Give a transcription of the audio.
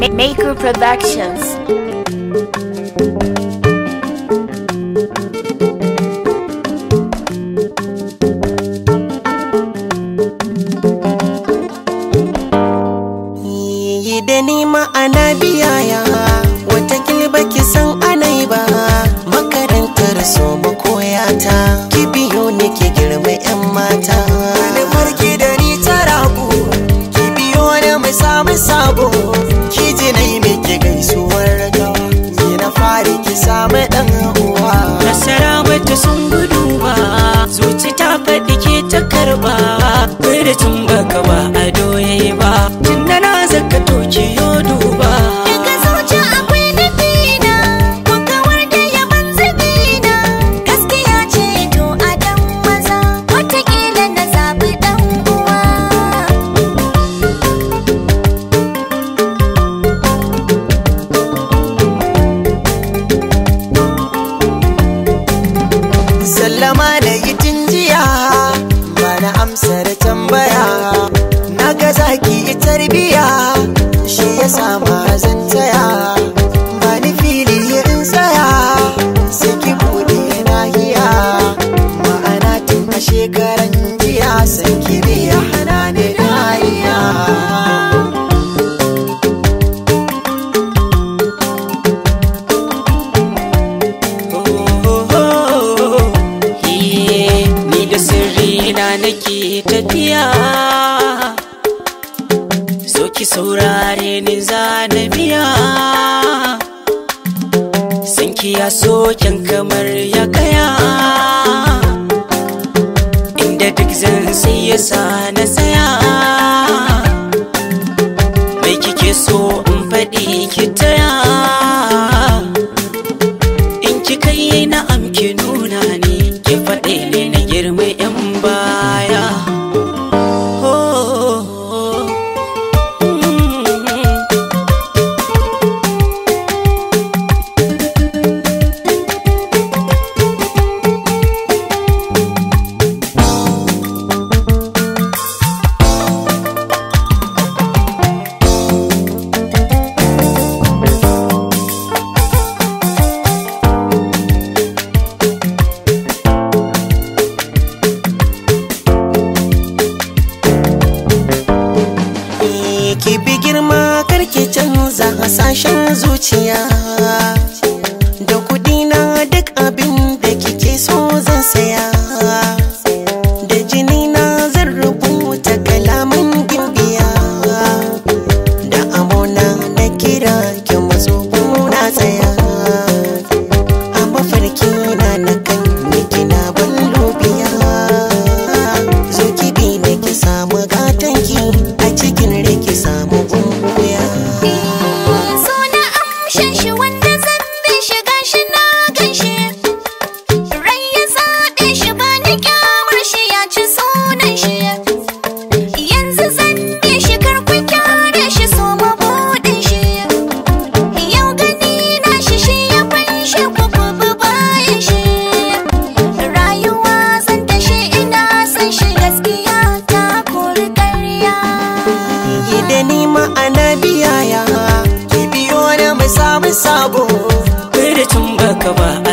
Maker Productions. Yi ana biya yaha wata kilba kisan anai ba makarantar so ba koyata ki ne ki girma 'yan mata. Якова shekaran jiya san kibiya hana ni dariya nake tafiya so ki saurare ni zanabiya san ki ya so kyan kama duk zan siya sa na saya karki canza hasashen zuciya na biyaya ki biyo na mai samu sabo tun baka ba